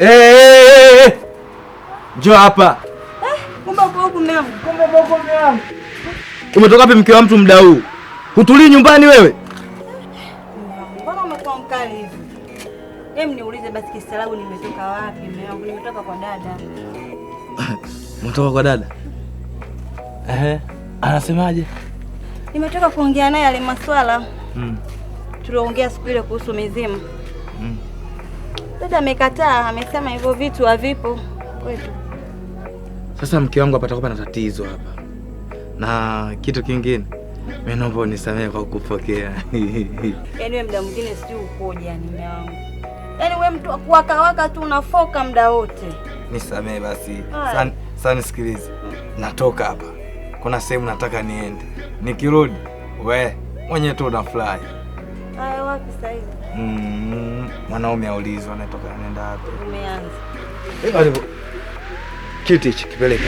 Hey, eh, eh, eh, njoo hapa. Umetoka wapi mke wa mtu muda huu? Hutulii nyumbani wewe? Mbona umekuwa mkali hivi? Hem, niulize basi kisalabu nimetoka wapi? Mume wangu nimetoka kwa dada. Umetoka kwa dada? Ehe. anasemaje? Nimetoka kuongea naye ale maswala. Hmm tuliongea siku ile kuhusu mizimu mm. Dada amekataa, amesema hivyo vitu havipo kwetu. Sasa mke wangu apata atakuwa na tatizo hapa, na kitu kingine mimi naomba unisamehe kwa kukupokea. Yaani wewe mda mwingine si ukoje, yani mume wangu, yaani wewe mtu kuwakawaka tu unafoka mda wote. Nisamehe basi. Sasa nisikilize, natoka hapa, kuna sehemu nataka niende, nikirudi we mwenye tu unafurahi wapi sasa hivi? Mm, mwanaume aulizwa anatoka anaenda wapi? Umeanza. Kiti hichi kipeleka.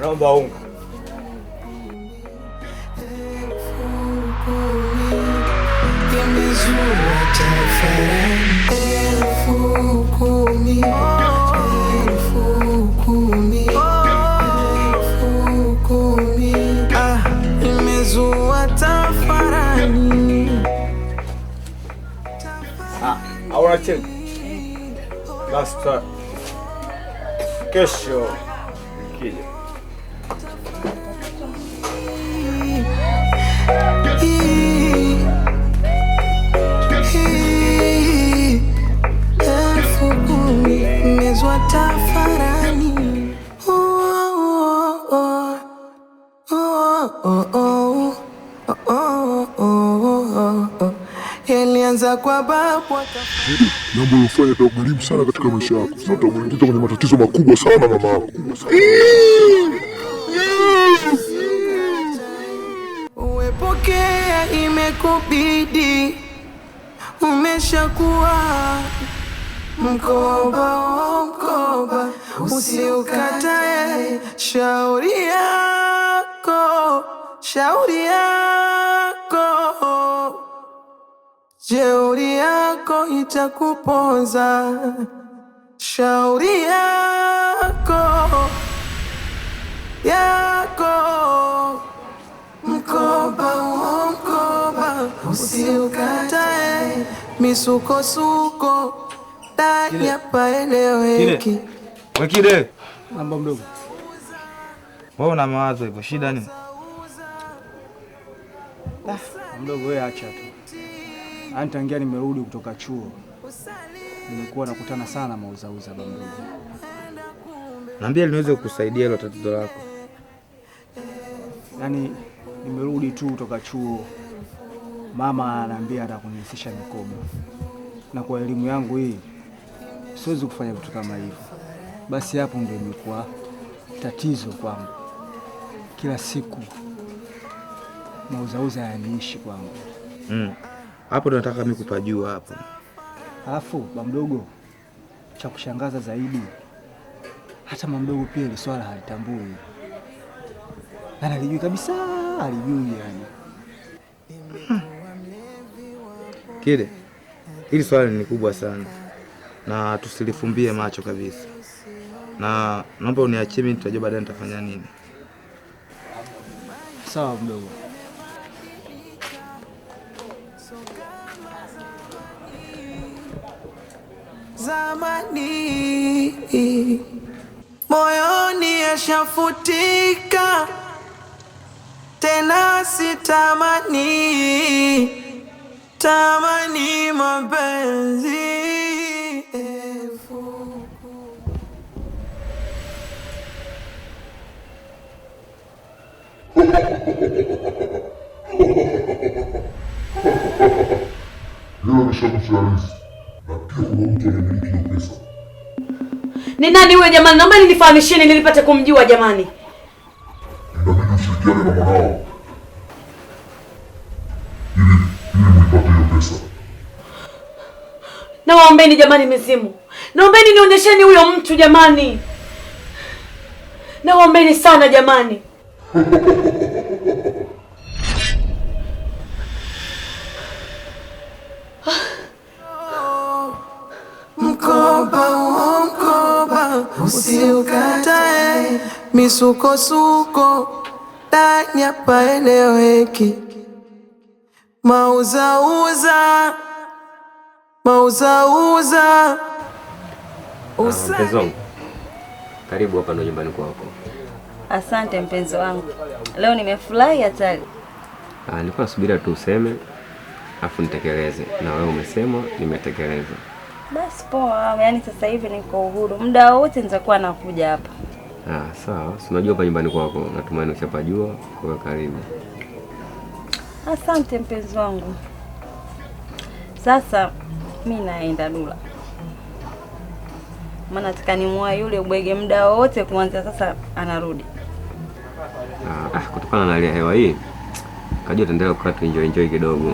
naomba unga. basi kesho Jambo ulofanya itakugharimu sana katika maisha yako. Sasa utamuingiza kwenye matatizo makubwa sana mama yako. Uwepokea imekubidi, umeshakuwa mkoba wa mkoba, usiukatae shauri yako, shauri yako jeuri yako itakuponza, shauri yako yako, mkoba uo mkoba usiukatae, misukosuko ndani hapaeleweki. wekide namba mdogo, wewe una mawazo hivyo, shida nini? Mdogo wewe acha tu Yaani tangia nimerudi kutoka chuo nimekuwa nakutana sana mauzauza Bambugu. Naambia linaweza kukusaidia hilo tatizo lako. Yaani nimerudi tu kutoka chuo, mama anaambia atakunihisisha mikoba, na kwa elimu yangu hii siwezi kufanya vitu kama hivyo. Basi hapo ndio imekuwa tatizo kwangu, kila siku mauzauza yaniishi kwangu mm hapo ndo nataka mimi kupajua hapo. Alafu mdogo, cha kushangaza zaidi hata mamdogo pia ile swala halitambui, na nalijui kabisa, alijui yani kile hili swala ni kubwa sana na tusilifumbie macho kabisa, na naomba uniachie mimi, nitajua baadaye nitafanya nini. Sawa mdogo. zamani moyoni yashafutika, tena sitamani tamani mapenzi ni nani huyo jamani? Naomba nilifahamisheni nilipate kumjua jamani. Inabidi ushirikiane na mwanao ili ili muipate hiyo pesa. Nawaombeni jamani, mizimu, naombeni nionyesheni huyo mtu jamani, nawaombeni sana jamani usiukatae misukosuko ndani hapaeleweki, mauzauza mauzauza. Ah, mpenzi wangu, karibu hapa, ndo nyumbani kwako. Asante mpenzi wangu, leo nimefurahi hatari. Ah, nilikuwa nasubiria tu useme afu nitekeleze, na wewe umesema nimetekeleza. Basi poa, yaani sasa hivi niko uhuru, muda wowote nitakuwa nakuja hapa. Ah, sawa. Si unajua pa nyumbani kwako, natumaini ushapajua. Kwa karibu. Asante mpenzi wangu. Sasa mi naenda Dula, maana nataka yule ubwege muda wowote kuanzia sasa anarudi. Ah, ah, kutokana na hali ya hewa hii kajua, tuendelee kukaa tu enjoy kidogo.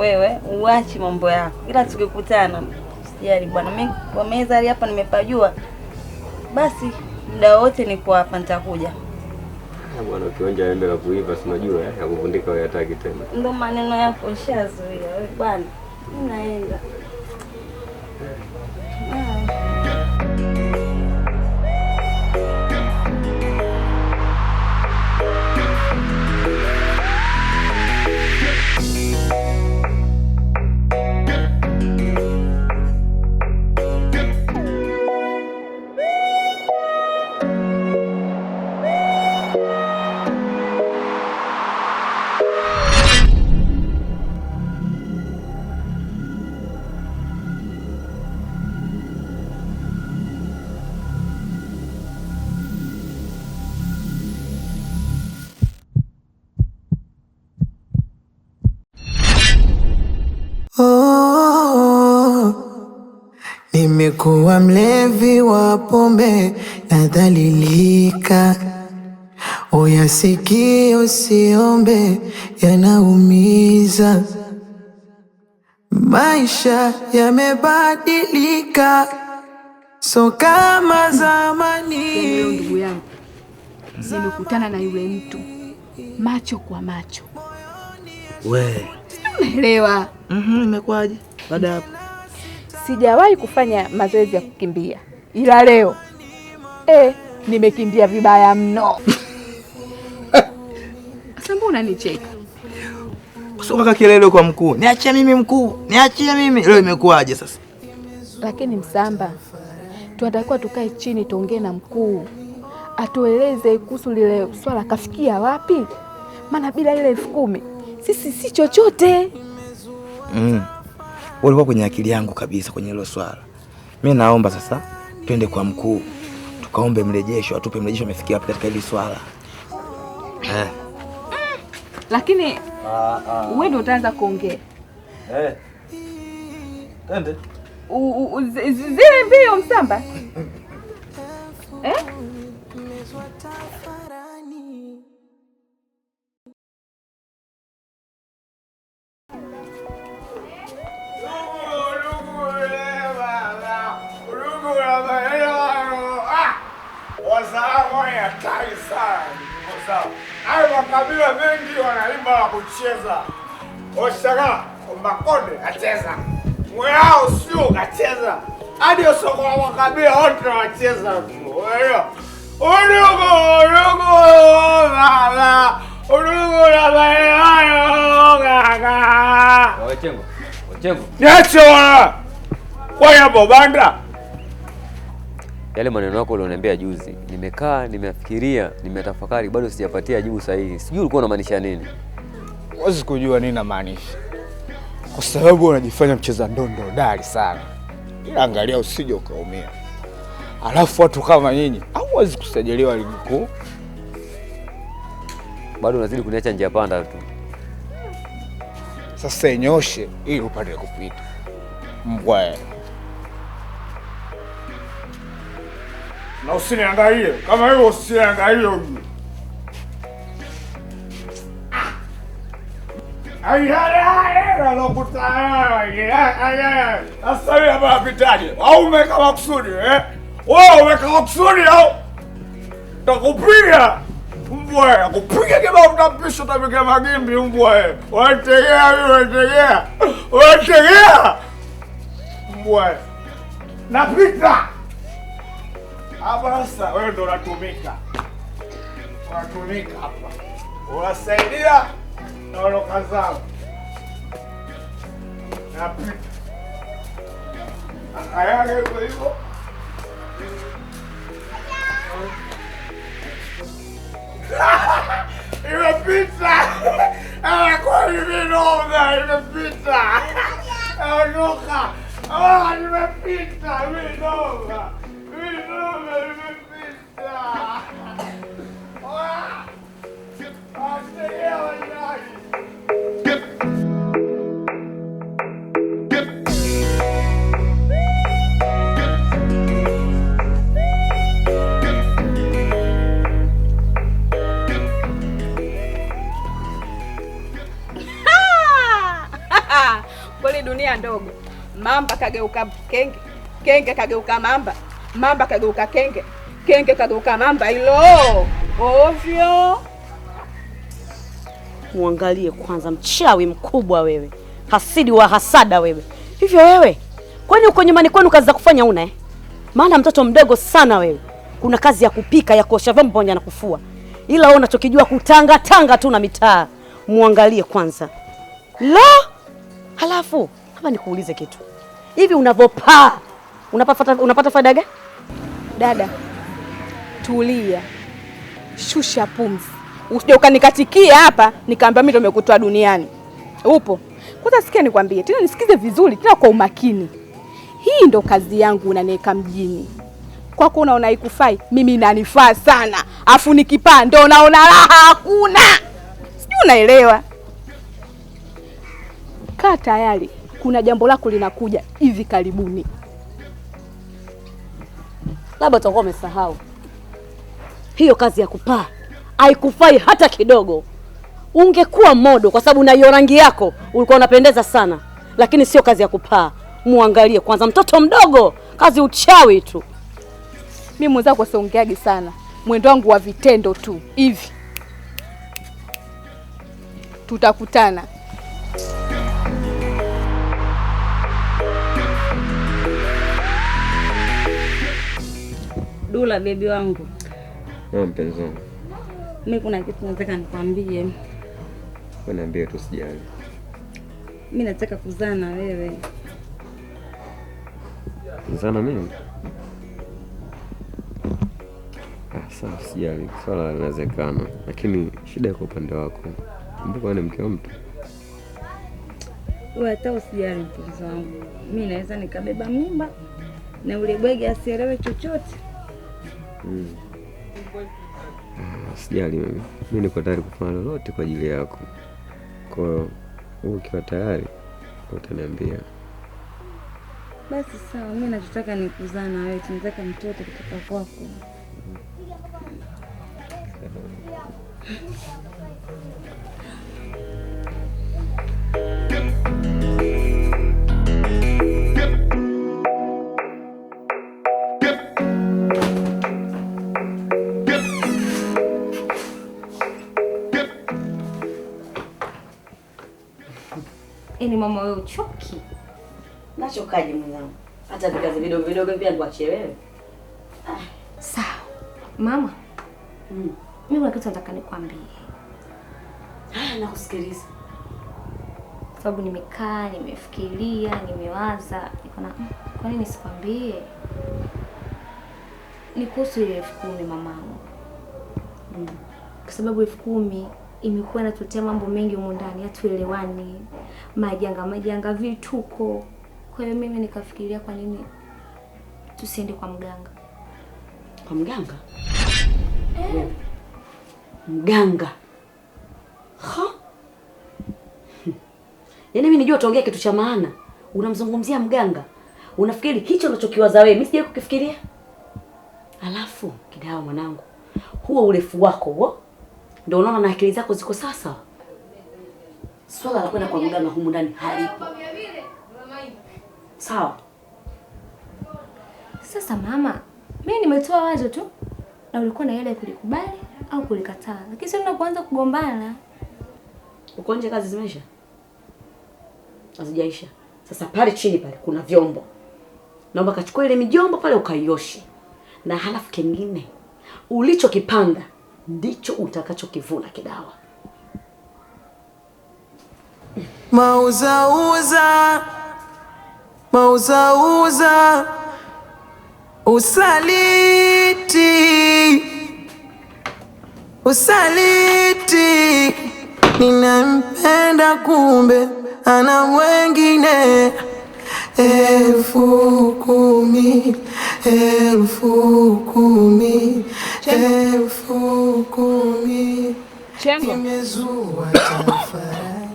Wewe uachi mambo yako, ila tukikutana jali bwana, mimi kwa meza hali hapa nimepajua, basi muda wote niko hapa, nitakuja bwana. Ukionja embe la kuiva, si unajua eh, ya kuvundika, hataki tena. Ndio maneno yako, nishazoea wewe bwana, naenda. Nimekuwa mlevi wa pombe, nadhalilika. Oya sikio, siombe, yanaumiza. Maisha yamebadilika, so kama zamani. Ndugu yangu, nimekutana na yule mtu macho kwa macho. We unaelewa? mm -hmm, baada hapo sijawahi kufanya mazoezi ya kukimbia, ila leo e, nimekimbia vibaya mno. Sasa mbona nicheka? kelele kwa mkuu, niachie mimi mkuu, niachie mimi. Leo imekuwaje sasa? Lakini Msamba, tunatakiwa tukae chini tuongee na mkuu atueleze kuhusu lile swala, kafikia wapi? Maana bila ile elfu kumi sisi si chochote. mm walikuwa kwenye akili yangu kabisa kwenye hilo swala. mi naomba sasa twende kwa mkuu tukaombe mrejesho, atupe mrejesho amefikia wapi katika hili swala eh. Mm, lakini ah, ah. wewe ndio utaanza kuongea eh. zile mbio msamba cheza, oshaka umakonde kacheza, mwao sio kacheza, hadi usokoamakabia wote wacheza ulio udugu udugu baba udugu na maelewano kaka Ochengo Ochengo nyachora kwaya bobanda yale maneno yako ulioniambia juzi, nimekaa nimefikiria, nimetafakari, bado sijapatia jibu sahihi. Sijui ulikuwa unamaanisha nini huwezi kujua nini namaanisha, kwa sababu unajifanya mcheza ndondo dali sana, ila angalia usije ukaumia. Alafu watu kama nyinyi hauwezi kusajiliwa ligi kuu. Bado unazidi kuniacha njia panda tu. Sasa inyoshe ili upate kupita mbwa, na usiniangalie kama hiyo, usiniangalie Sasa hivi hapa napitaje? Au umeweka makusudi eh? Wewe umeweka makusudi au? Takupiga mbwa, nakupiga kama utapisha utapiga magimbi mbwa eh. Wategea wewe, wategea. Wategea. Mbwa. Napita. Hapa sasa wewe ndio unatumika. Unatumika hapa. Unasaidia não não casal. Na é pita. A caiaga eu falei, vou. E a pizza! Ela quase me nova, né? e pizza! Ela nunca! Ah, e a pizza, me nova! Me nova, e a pizza! Ah, achei é ela! Kweli dunia ndogo, mamba kageuka kenge, kenge kageuka mamba, mamba kageuka kenge, kenge kageuka mamba. ilo ovyo. Muangalie kwanza, mchawi mkubwa wewe, hasidi wa hasada wewe. Hivyo wewe, kwani uko nyumbani kwenu kazi za kufanya una eh? Maana mtoto mdogo sana wewe, kuna kazi ya kupika, ya kuosha vyombo pamoja na kufua, ila wewe unachokijua kutanga tanga tu na mitaa. Muangalie kwanza la Halafu kama nikuulize kitu, hivi unavyopaa unapata, unapata faida gani? Dada tulia, shusha pumzi, usije ukanikatikia hapa nikaambia mimi ndo nimekutoa duniani. Upo kwanza, sikia nikwambie tena, nisikize vizuri tena kwa umakini. Hii ndo kazi yangu, unaniweka mjini kwako, unaona ikufai mimi, nanifaa sana, afu nikipaa ndo naona raha hakuna. Sijui unaelewa kaa tayari, kuna jambo lako linakuja hivi karibuni. Labda utakuwa umesahau hiyo kazi ya kupaa haikufai hata kidogo. Ungekuwa modo, kwa sababu na hiyo rangi yako ulikuwa unapendeza sana, lakini sio kazi ya kupaa. Muangalie kwanza mtoto mdogo, kazi uchawi tu. Mi mwenzako siongeagi sana, mwendo wangu wa vitendo tu hivi. Tutakutana. Dula bebi wangu. Na mpenzi wangu. Mimi kuna kitu nataka nikwambie. Wewe niambie tu sijali. Mimi nataka kuzaa na wewe. Kuzaa na mimi? Ah, sawa sijali. Swala linawezekana. Lakini shida iko upande wako. Kumbuka ni mke wa mtu. Wewe hata usijali mpenzi wangu. Mimi naweza nikabeba mimba na ule bwege asielewe chochote. Mm. Ah, sijali mimi, mimi niko tayari kufanya lolote kwa ajili yako. Kwa hiyo ukiwa tayari utaniambia. Basi sawa, mimi nachotaka ni kuzaa na wewe, tunataka mtoto kutoka kwako. Mm. Yaani mama wewe uchoki. Nachokaje mwanangu? Hata vikazi vidogo vidogo pia nikuachie wewe. Ah, sawa. Mama. Mm. Mimi kuna kitu nataka nikwambie. Ah, nakusikiliza. Kwa sababu nimekaa, nimefikiria, nimewaza, niko na kwa nini sikwambie? Ni kuhusu ile elfu kumi mamangu. Mm. Kwa sababu elfu kumi imekuwa inatuletea mambo mengi humu ndani, hatuelewani, majanga majanga, vituko. Kwa hiyo mimi nikafikiria kwa nini tusiende kwa mganga. Kwa mganga eh? Mganga ha? Yaani mimi nijua utaongea kitu cha maana. Unamzungumzia mganga, unafikiri hicho unachokiwaza wewe, mimi sijawahi kukifikiria. Alafu Kidawa mwanangu, huo urefu wako huo ndio unaona na akili zako ziko sasa. Swala la kwenda kwa mganga humu ndani halipo, sawa? Sasa mama, mimi nimetoa wazo tu, na ulikuwa na ile kulikubali au kulikataa, lakini sio kuanza kugombana. Uko nje, kazi zimeisha? Hazijaisha. Sasa pale chini pale kuna vyombo, naomba kachukua ile mijombo pale ukaioshe, na halafu kingine ulichokipanda ndicho utakachokivuna kidawa. Mauzauza, mauzauza, usaliti, usaliti, ninampenda kumbe ana wengine elfu kumi elfu kumi elfu kumi imezua tafarani.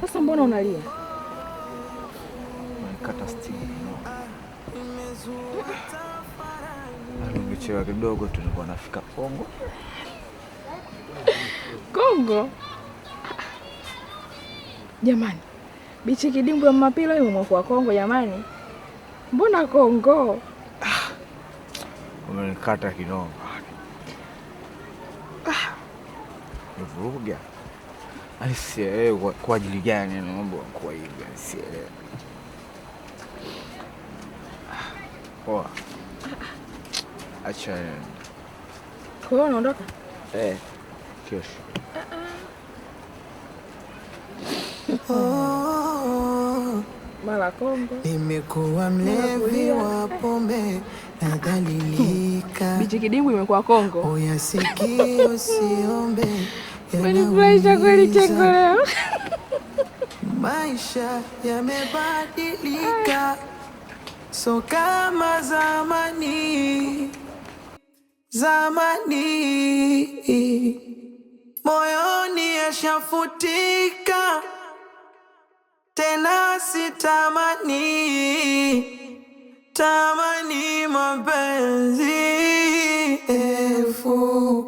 Sasa mbona unalia? Kata stima kidogo, tulikuwa nafika Kongo Kongo Jamani, bichi kidimbu ya mapilo imemwakua Kongo jamani, mbona Kongo? Ah, umenikata kinoma ah. nivuruga ah. Sielewe kwa ajili gani naomba kuwa hivi, ah, poa. Acha kwa hiyo unaondoka eh? Kesho oh, nimekuwa mlevi wa pombe nadhalilika. Bichi hmm. kidimbwi imekuwa Kongo. Oya sikio usiombe yanifurahisha kweli Chengo leo maisha yamebadilika, so kama zamani zamani, moyoni yashafutika tena sitamani tamani mapenzi elfu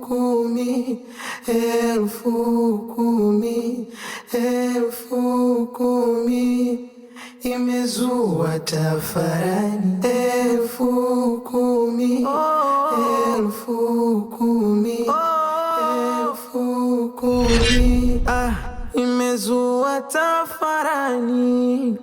kumi elfu kumi elfu kumi imezua tafarani elfu kumi elfu kumi oh. elfu kumi ah imezua tafarani.